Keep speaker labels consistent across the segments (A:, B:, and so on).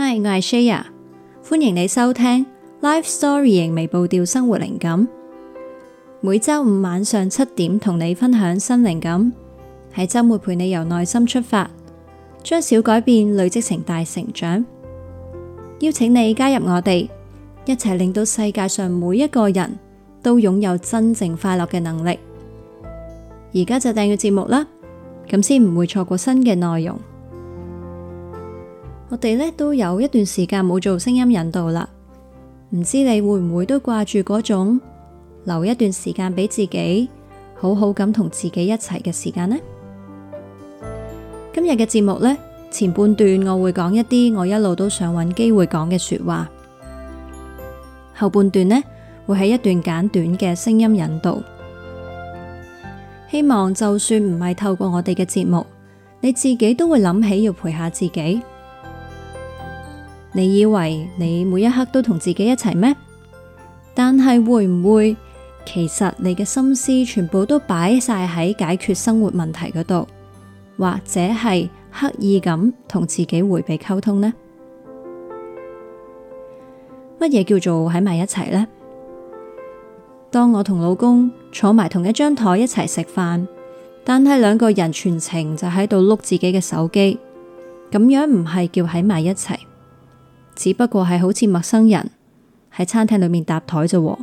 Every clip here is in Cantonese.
A: Hi，我係 Shiya，歡迎你收聽 Life Story 型微步調生活靈感。每周五晚上七點同你分享新靈感，喺周末陪你由內心出發，將小改變累積成大成長。邀請你加入我哋，一齊令到世界上每一個人都擁有真正快樂嘅能力。而家就訂閱節目啦，咁先唔會錯過新嘅內容。我哋咧都有一段時間冇做聲音引導啦，唔知你會唔會都掛住嗰種留一段時間俾自己，好好咁同自己一齊嘅時間呢？今日嘅節目咧，前半段我會講一啲我一路都想揾機會講嘅說話，後半段呢會係一段簡短嘅聲音引導，希望就算唔係透過我哋嘅節目，你自己都會諗起要陪下自己。你以為你每一刻都同自己一齊咩？但係會唔會其實你嘅心思全部都擺晒喺解決生活問題嗰度，或者係刻意咁同自己回避溝通呢？乜嘢叫做喺埋一齊呢？當我同老公坐埋同一張台一齊食飯，但係兩個人全程就喺度碌自己嘅手機，咁樣唔係叫喺埋一齊。只不過係好似陌生人喺餐廳裏面搭台啫。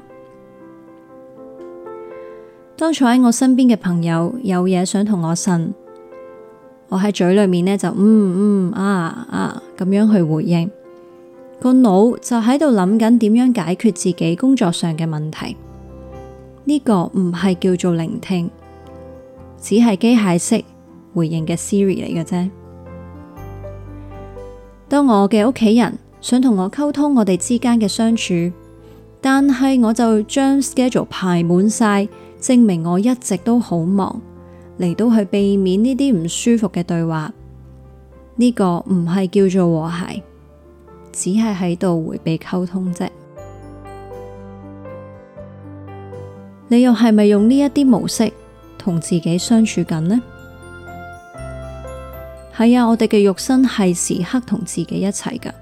A: 當坐喺我身邊嘅朋友有嘢想同我呻，我喺嘴裏面呢就嗯嗯啊啊咁樣去回應，個腦就喺度諗緊點樣解決自己工作上嘅問題。呢個唔係叫做聆聽，只係機械式回應嘅 Siri 嚟嘅啫。當我嘅屋企人想同我溝通，我哋之間嘅相處，但係我就將 schedule 排滿晒，證明我一直都好忙嚟到去避免呢啲唔舒服嘅對話。呢個唔係叫做和諧，只係喺度回避溝通啫。你又係咪用呢一啲模式同自己相處緊呢？係啊，我哋嘅肉身係時刻同自己一齊噶。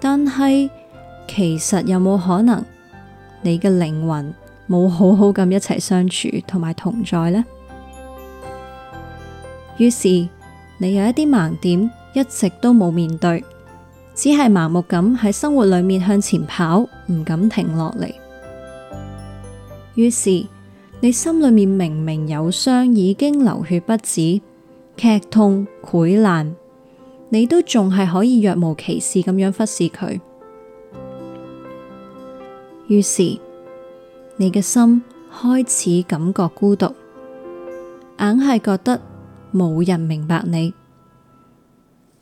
A: 但係，其實有冇可能你嘅靈魂冇好好咁一齊相處同埋同在呢？於是你有一啲盲點，一直都冇面對，只係麻木咁喺生活裏面向前跑，唔敢停落嚟。於是你心裏面明明有傷，已經流血不止，劇痛潰爛。你都仲係可以若無其事咁樣忽視佢，於是你嘅心開始感覺孤獨，硬係覺得冇人明白你。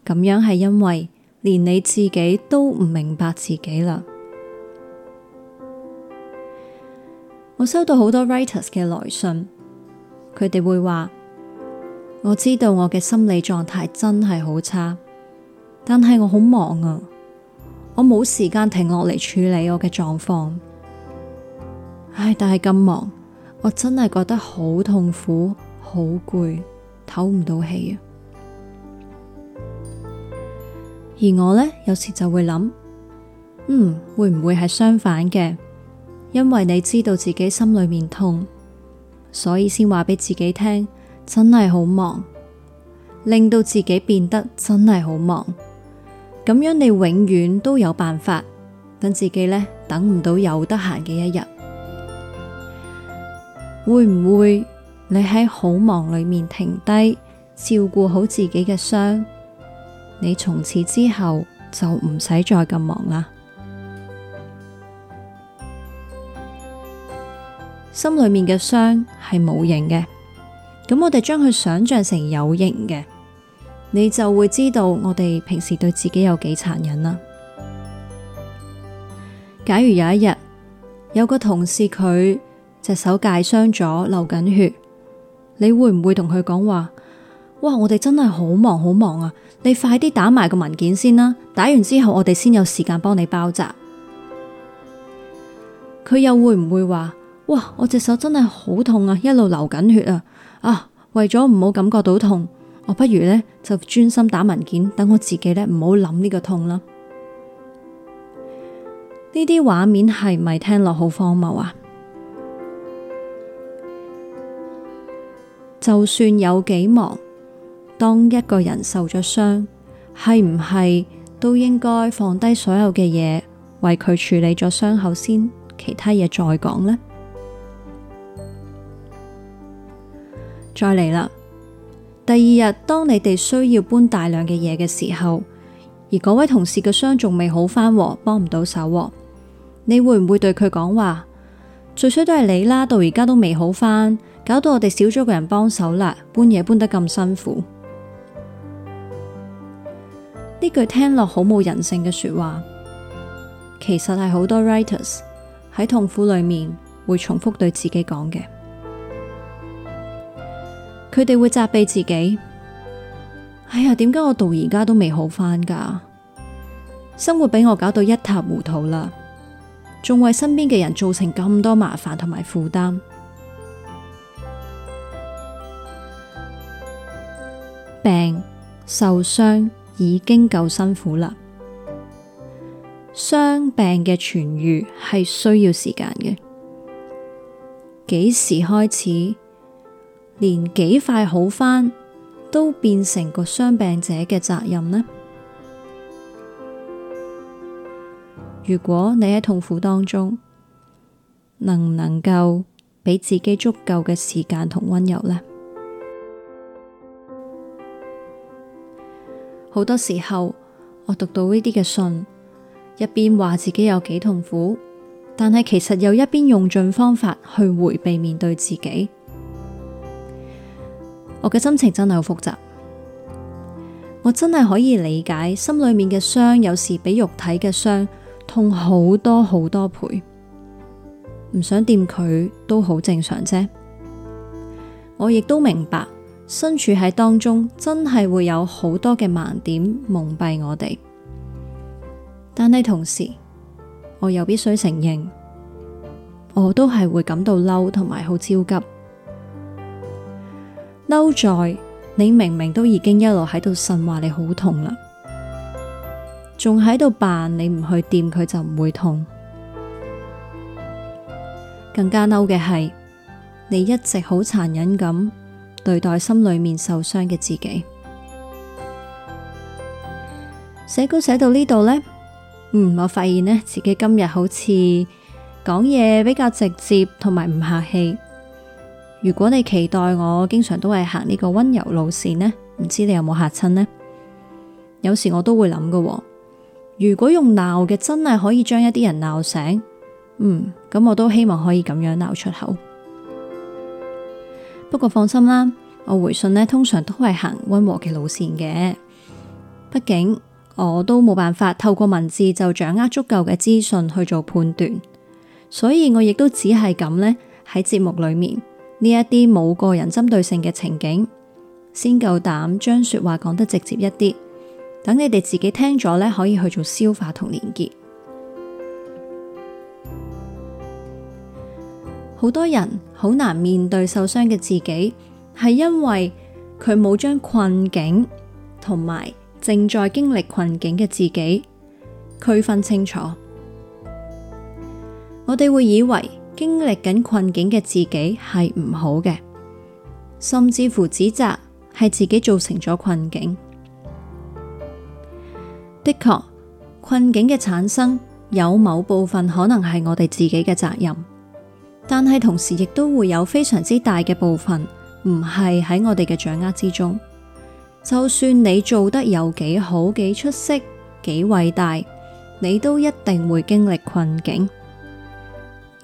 A: 咁樣係因為連你自己都唔明白自己啦。我收到好多 writers 嘅來信，佢哋會話。我知道我嘅心理狀態真係好差，但係我好忙啊，我冇時間停落嚟處理我嘅狀況。唉，但係咁忙，我真係覺得好痛苦、好攰、唞唔到氣啊！而我呢，有時就會諗，嗯，會唔會係相反嘅？因為你知道自己心裏面痛，所以先話俾自己聽。真係好忙，令到自己變得真係好忙。咁樣你永遠都有辦法，等自己呢，等唔到有得閒嘅一日。會唔會你喺好忙裏面停低，照顧好自己嘅傷？你從此之後就唔使再咁忙啦。心裏面嘅傷係冇形嘅。咁我哋將佢想象成有形嘅，你就會知道我哋平時對自己有幾殘忍啦。假如有一日有個同事佢隻手界傷咗，流緊血，你會唔會同佢講話？哇！我哋真係好忙，好忙啊！你快啲打埋個文件先啦，打完之後我哋先有時間幫你包紮。佢又會唔會話？哇！我隻手真係好痛啊，一路流緊血啊！啊！為咗唔好感覺到痛，我不如呢，就專心打文件，等我自己呢，唔好諗呢個痛啦。呢啲畫面係咪聽落好荒謬啊？就算有幾忙，當一個人受咗傷，係唔係都應該放低所有嘅嘢，為佢處理咗傷口先，其他嘢再講呢？再嚟啦！第二日，當你哋需要搬大量嘅嘢嘅時候，而嗰位同事嘅傷仲未好返，幫唔到手，你會唔會對佢講話？最衰都係你啦，到而家都未好返，搞到我哋少咗個人幫手啦，搬嘢搬得咁辛苦。呢 句聽落好冇人性嘅說話，其實係好多 writers 喺痛苦裏面會重複對自己講嘅。佢哋會責備自己。哎呀，點解我到而家都未好翻噶？生活俾我搞到一塌糊塗啦，仲為身邊嘅人造成咁多麻煩同埋負擔。病受傷已經夠辛苦啦，傷病嘅痊愈係需要時間嘅，幾時開始？連幾快好翻都變成個傷病者嘅責任呢？如果你喺痛苦當中，能唔能夠畀自己足夠嘅時間同温柔呢？好多時候，我讀到呢啲嘅信，一邊話自己有幾痛苦，但係其實又一邊用盡方法去回避面對自己。我嘅心情真係好複雜，我真係可以理解心裏面嘅傷，有時比肉體嘅傷痛好多好多倍，唔想掂佢都好正常啫。我亦都明白身處喺當中，真係會有好多嘅盲點蒙蔽我哋，但係同時我又必須承認，我都係會感到嬲同埋好焦急。嬲在你明明都已經一路喺度呻，話你好痛啦，仲喺度扮你唔去掂佢就唔會痛。更加嬲嘅係你一直好殘忍咁對待心裏面受傷嘅自己。寫稿寫到呢度呢，嗯，我發現呢，自己今日好似講嘢比較直接，同埋唔客氣。如果你期待我經常都係行呢個温柔路線呢，唔知你有冇吓親呢？有時我都會諗嘅，如果用鬧嘅真係可以將一啲人鬧醒，嗯，咁我都希望可以咁樣鬧出口。不過放心啦，我回信呢通常都係行温和嘅路線嘅，畢竟我都冇辦法透過文字就掌握足夠嘅資訊去做判斷，所以我亦都只係咁呢，喺節目裏面。呢一啲冇個人針對性嘅情景，先夠膽將説話講得直接一啲。等你哋自己聽咗呢，可以去做消化同連結。好多人好難面對受傷嘅自己，係因為佢冇將困境同埋正在經歷困境嘅自己區分清楚。我哋會以為，經歷緊困境嘅自己係唔好嘅，甚至乎指責係自己造成咗困境。的確，困境嘅產生有某部分可能係我哋自己嘅責任，但係同時亦都會有非常之大嘅部分唔係喺我哋嘅掌握之中。就算你做得有幾好，幾出色，幾偉大，你都一定會經歷困境。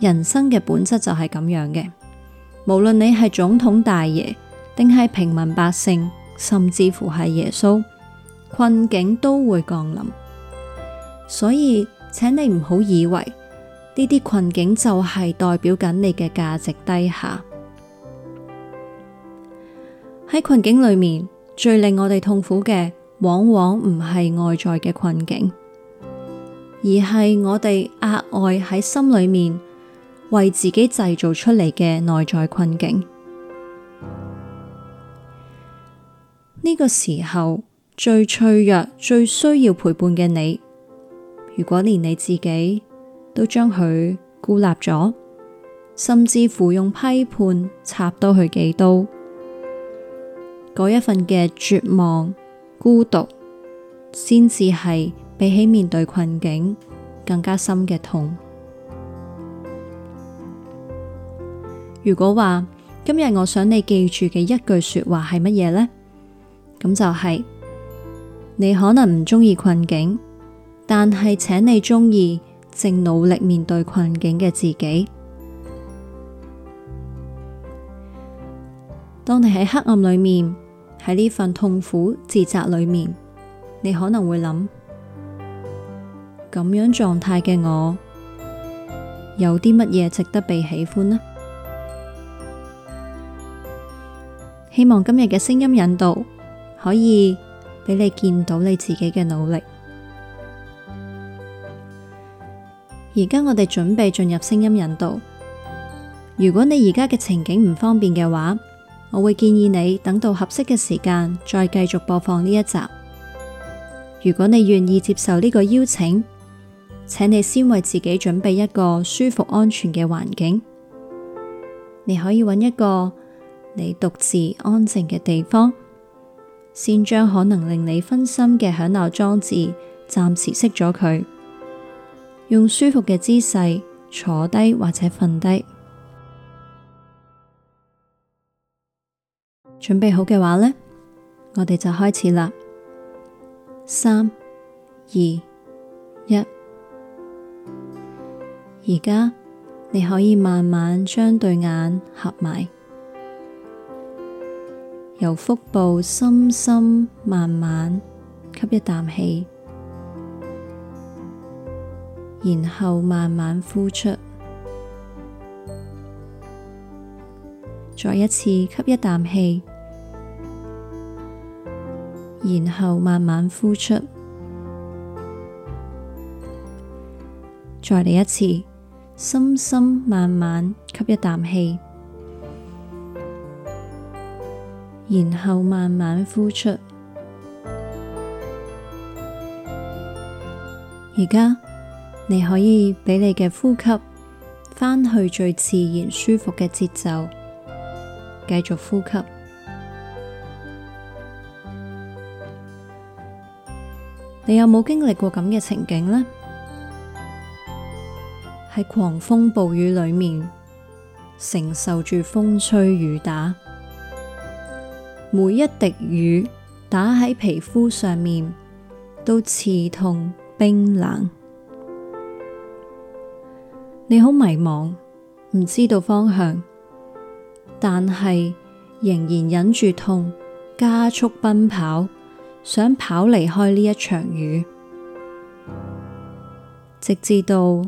A: 人生嘅本質就係咁樣嘅，無論你係總統大爺，定係平民百姓，甚至乎係耶穌，困境都會降臨。所以，請你唔好以為呢啲困境就係代表緊你嘅價值低下。喺困境裏面，最令我哋痛苦嘅，往往唔係外在嘅困境，而係我哋額外喺心裏面。為自己製造出嚟嘅內在困境，呢、這個時候最脆弱，最需要陪伴嘅你，如果連你自己都將佢孤立咗，甚至乎用批判插多佢幾刀，嗰一份嘅絕望、孤獨，先至係比起面對困境更加深嘅痛。如果話今日我想你記住嘅一句說話係乜嘢呢？咁就係、是、你可能唔鍾意困境，但係請你鍾意正努力面對困境嘅自己。當你喺黑暗裏面，喺呢份痛苦自責裏面，你可能會諗咁樣狀態嘅我有啲乜嘢值得被喜歡呢？希望今日嘅聲音引導可以俾你見到你自己嘅努力。而家我哋準備進入聲音引導。如果你而家嘅情景唔方便嘅話，我會建議你等到合適嘅時間再繼續播放呢一集。如果你願意接受呢個邀請，請你先為自己準備一個舒服安全嘅環境。你可以揾一個。你獨自安靜嘅地方，先將可能令你分心嘅響鬧裝置暫時熄咗佢，用舒服嘅姿勢坐低或者瞓低。準備好嘅話呢，我哋就開始啦，三、二、一，而家你可以慢慢將對眼合埋。由腹部深深慢慢吸一啖氣，然後慢慢呼出，再一次吸一啖氣，然後慢慢呼出，再嚟一次，深深慢慢吸一啖氣。然後慢慢呼出。而家你可以畀你嘅呼吸翻去最自然舒服嘅節奏，繼續呼吸。你有冇經歷過咁嘅情景呢？喺狂風暴雨裏面承受住風吹雨打。每一滴雨打喺皮膚上面，都刺痛冰冷。你好迷茫，唔知道方向，但係仍然忍住痛，加速奔跑，想跑離開呢一場雨，直至到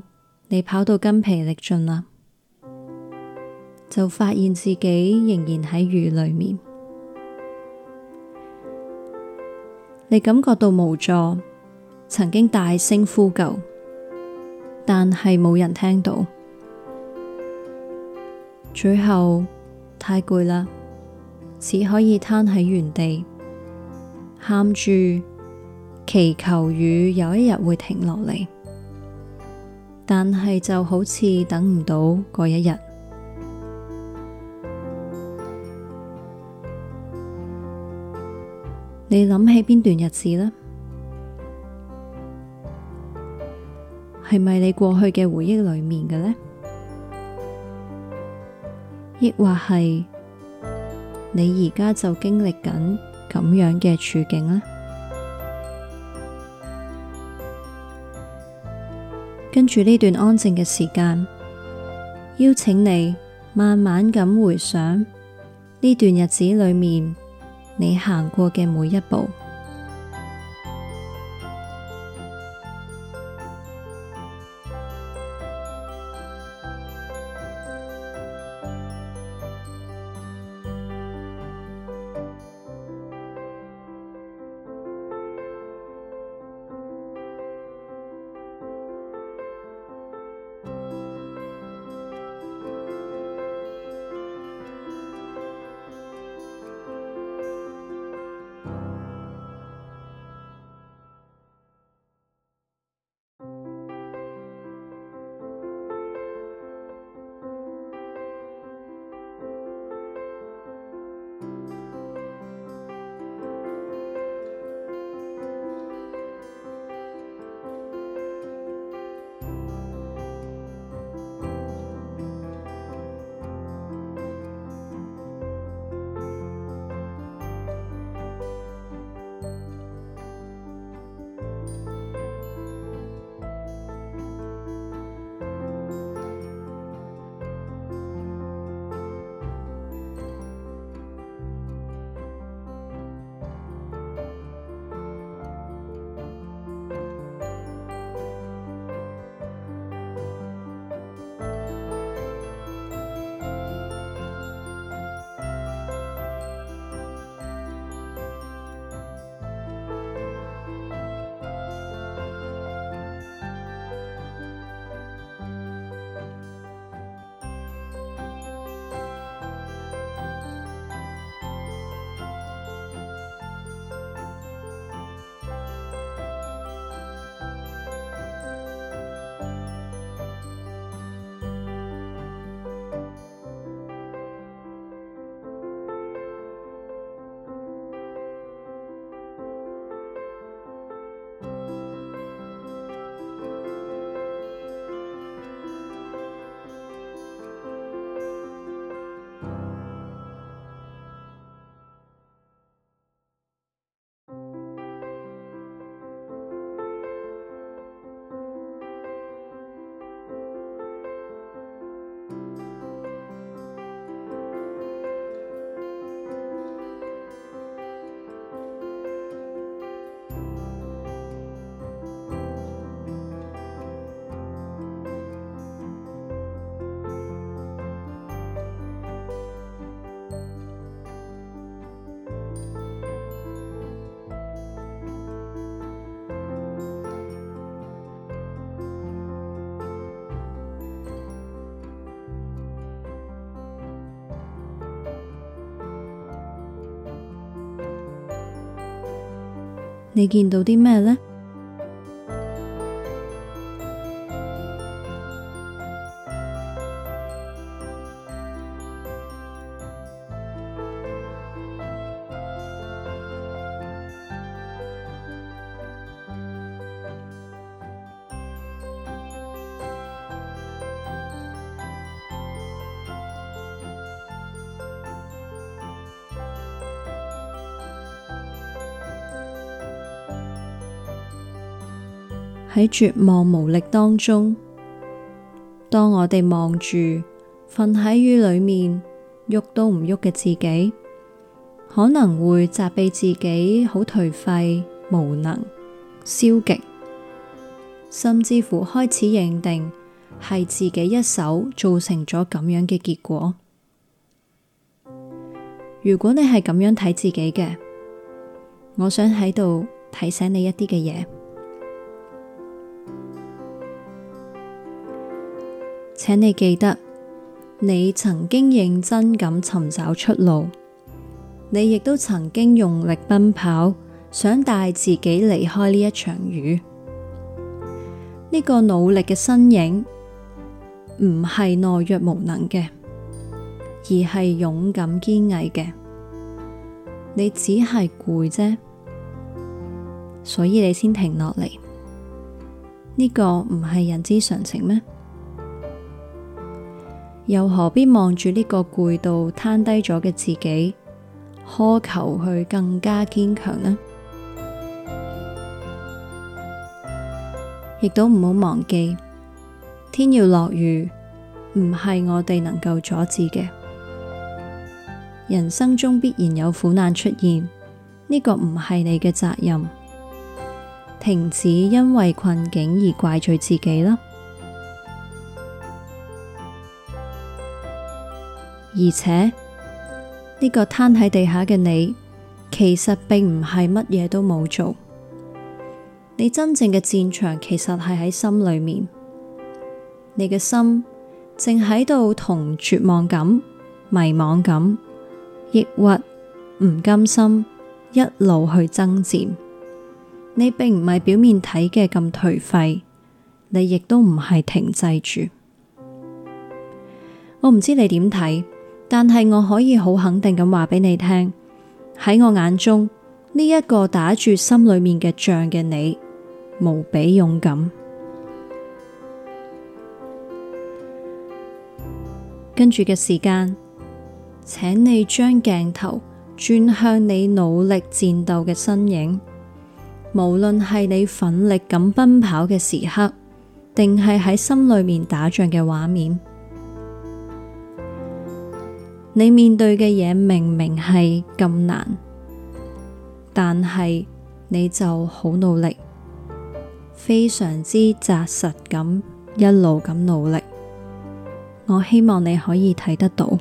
A: 你跑到筋疲力盡啦，就發現自己仍然喺雨裏面。你感覺到無助，曾經大聲呼救，但係冇人聽到，最後太攰啦，只可以攤喺原地，喊住祈求雨有一日會停落嚟，但係就好似等唔到嗰一日。你諗起邊段日子呢？係咪你過去嘅回憶裏面嘅呢？亦或係你而家就經歷緊咁樣嘅處境呢？跟住呢段安靜嘅時間，邀請你慢慢咁回想呢段日子裏面。你行過嘅每一步。你見到啲咩咧？喺絕望無力當中，當我哋望住瞓喺雨裏面，喐都唔喐嘅自己，可能會責備自己好頹廢、無能、消極，甚至乎開始認定係自己一手造成咗咁樣嘅結果。如果你係咁樣睇自己嘅，我想喺度提醒你一啲嘅嘢。請你記得，你曾經認真咁尋找出路，你亦都曾經用力奔跑，想帶自己離開呢一場雨。呢個努力嘅身影，唔係懦弱無能嘅，而係勇敢堅毅嘅。你只係攰啫，所以你先停落嚟。呢個唔係人之常情咩？又何必望住呢個攰到攤低咗嘅自己，苛求佢更加堅強呢？亦都唔好忘記，天要落雨，唔係我哋能夠阻止嘅。人生中必然有苦難出現，呢、這個唔係你嘅責任。停止因為困境而怪罪自己啦。而且呢，呢個攤喺地下嘅你，其實並唔係乜嘢都冇做。你真正嘅戰場其實係喺心裏面。你嘅心正喺度同絕望感、迷惘感、抑鬱、唔甘心一路去征戰。你並唔係表面睇嘅咁頹廢，你亦都唔係停滯住。我唔知你點睇。但係我可以好肯定咁話畀你聽，喺我眼中，呢一個打住心裏面嘅仗嘅你，無比勇敢。跟住嘅時間，請你將鏡頭轉向你努力戰鬥嘅身影，無論係你奮力咁奔跑嘅時刻，定係喺心裏面打仗嘅畫面。你面對嘅嘢，明明係咁難，但係你就好努力，非常之紮實咁一路咁努力。我希望你可以睇得到。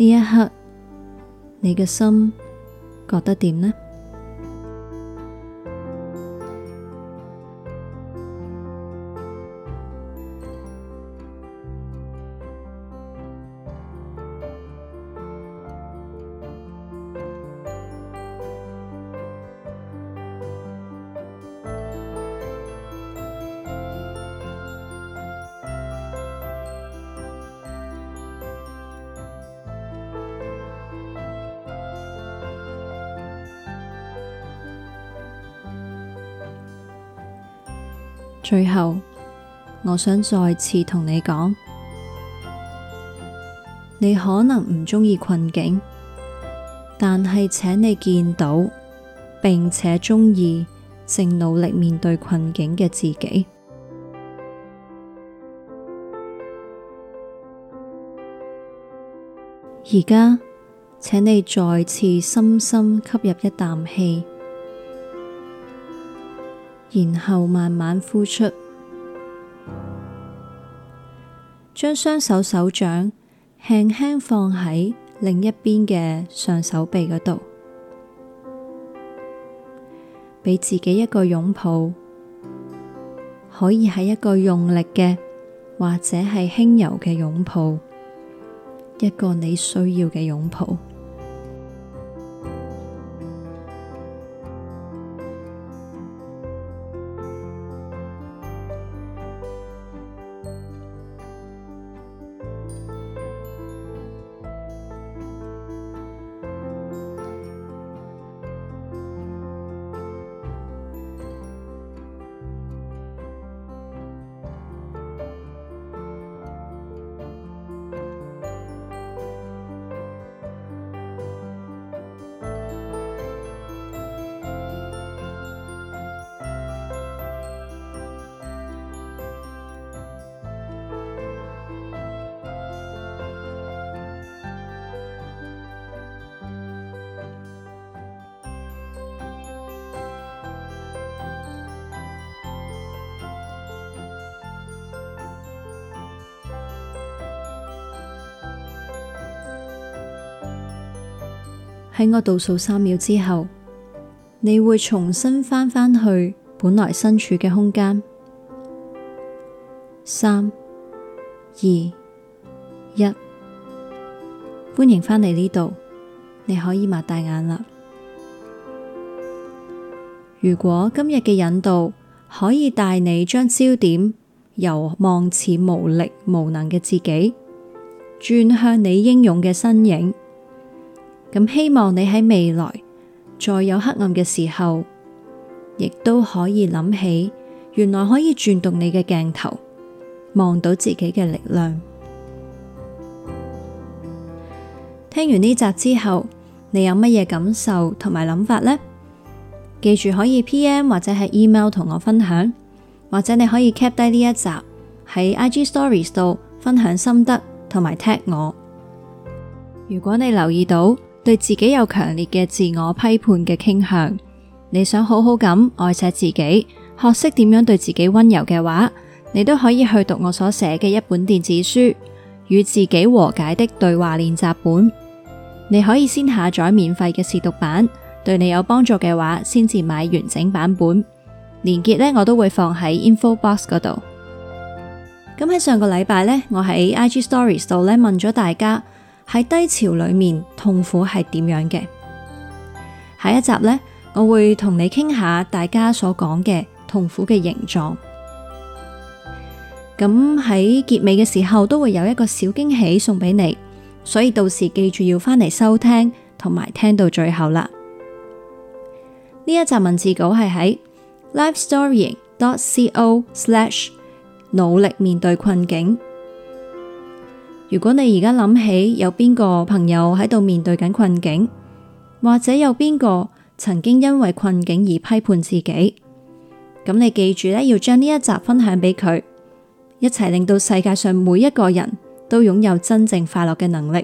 A: 呢一刻，你嘅心覺得點呢？最後，我想再次同你講，你可能唔鍾意困境，但係請你見到並且鍾意正努力面對困境嘅自己。而家，請你再次深深吸入一啖氣。然後慢慢呼出，將雙手手掌輕輕放喺另一邊嘅上手臂嗰度，畀自己一個擁抱，可以係一個用力嘅，或者係輕柔嘅擁抱，一個你需要嘅擁抱。喺我倒數三秒之後，你會重新翻返去本來身處嘅空間。三、二、一，歡迎返嚟呢度，你可以擘大眼啦。如果今日嘅引導可以帶你將焦點由望似無力無能嘅自己，轉向你英勇嘅身影。咁希望你喺未來再有黑暗嘅時候，亦都可以諗起，原來可以轉動你嘅鏡頭，望到自己嘅力量。聽完呢集之後，你有乜嘢感受同埋諗法呢？記住可以 PM 或者係 email 同我分享，或者你可以 cap 低呢一集喺 IG Stories 度分享心得同埋 tag 我。如果你留意到對自己有強烈嘅自我批判嘅傾向，你想好好咁愛錫自己，學識點樣對自己温柔嘅話，你都可以去讀我所寫嘅一本電子書《與自己和解的對話練習本》。你可以先下載免費嘅試讀版，對你有幫助嘅話，先至買完整版本。連結呢，我都會放喺 info box 嗰度。咁喺上個禮拜呢，我喺 IG stories 度咧問咗大家。喺低潮裏面痛苦係點樣嘅？下一集呢，我會同你傾下大家所講嘅痛苦嘅形狀。咁喺結尾嘅時候都會有一個小驚喜送俾你，所以到時記住要翻嚟收聽同埋聽到最後啦。呢一集文字稿係喺 lifestory.co/slash 努力面對困境。如果你而家諗起有邊個朋友喺度面對緊困境，或者有邊個曾經因為困境而批判自己，咁你記住咧，要將呢一集分享俾佢，一齊令到世界上每一個人都擁有真正快樂嘅能力。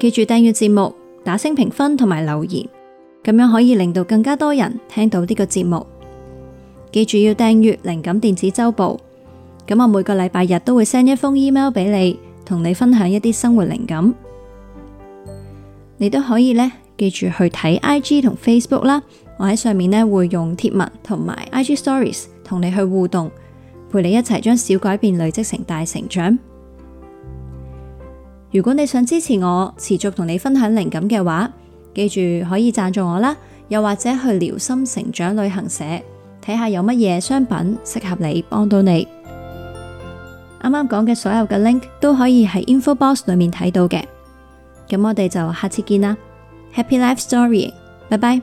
A: 記住訂閱節目、打星評分同埋留言，咁樣可以令到更加多人聽到呢個節目。記住要訂閱靈感電子周報。咁我每個禮拜日都會 send 一封 email 俾你，同你分享一啲生活靈感。你都可以呢，記住去睇 IG 同 Facebook 啦，我喺上面呢，會用貼文同埋 IG Stories 同你去互動，陪你一齊將小改變累積成大成長。如果你想支持我持續同你分享靈感嘅話，記住可以贊助我啦，又或者去聊心成長旅行社睇下有乜嘢商品適合你，幫到你。啱啱講嘅所有嘅 link 都可以喺 info box 裏面睇到嘅，咁我哋就下次見啦，Happy Life Story，拜拜。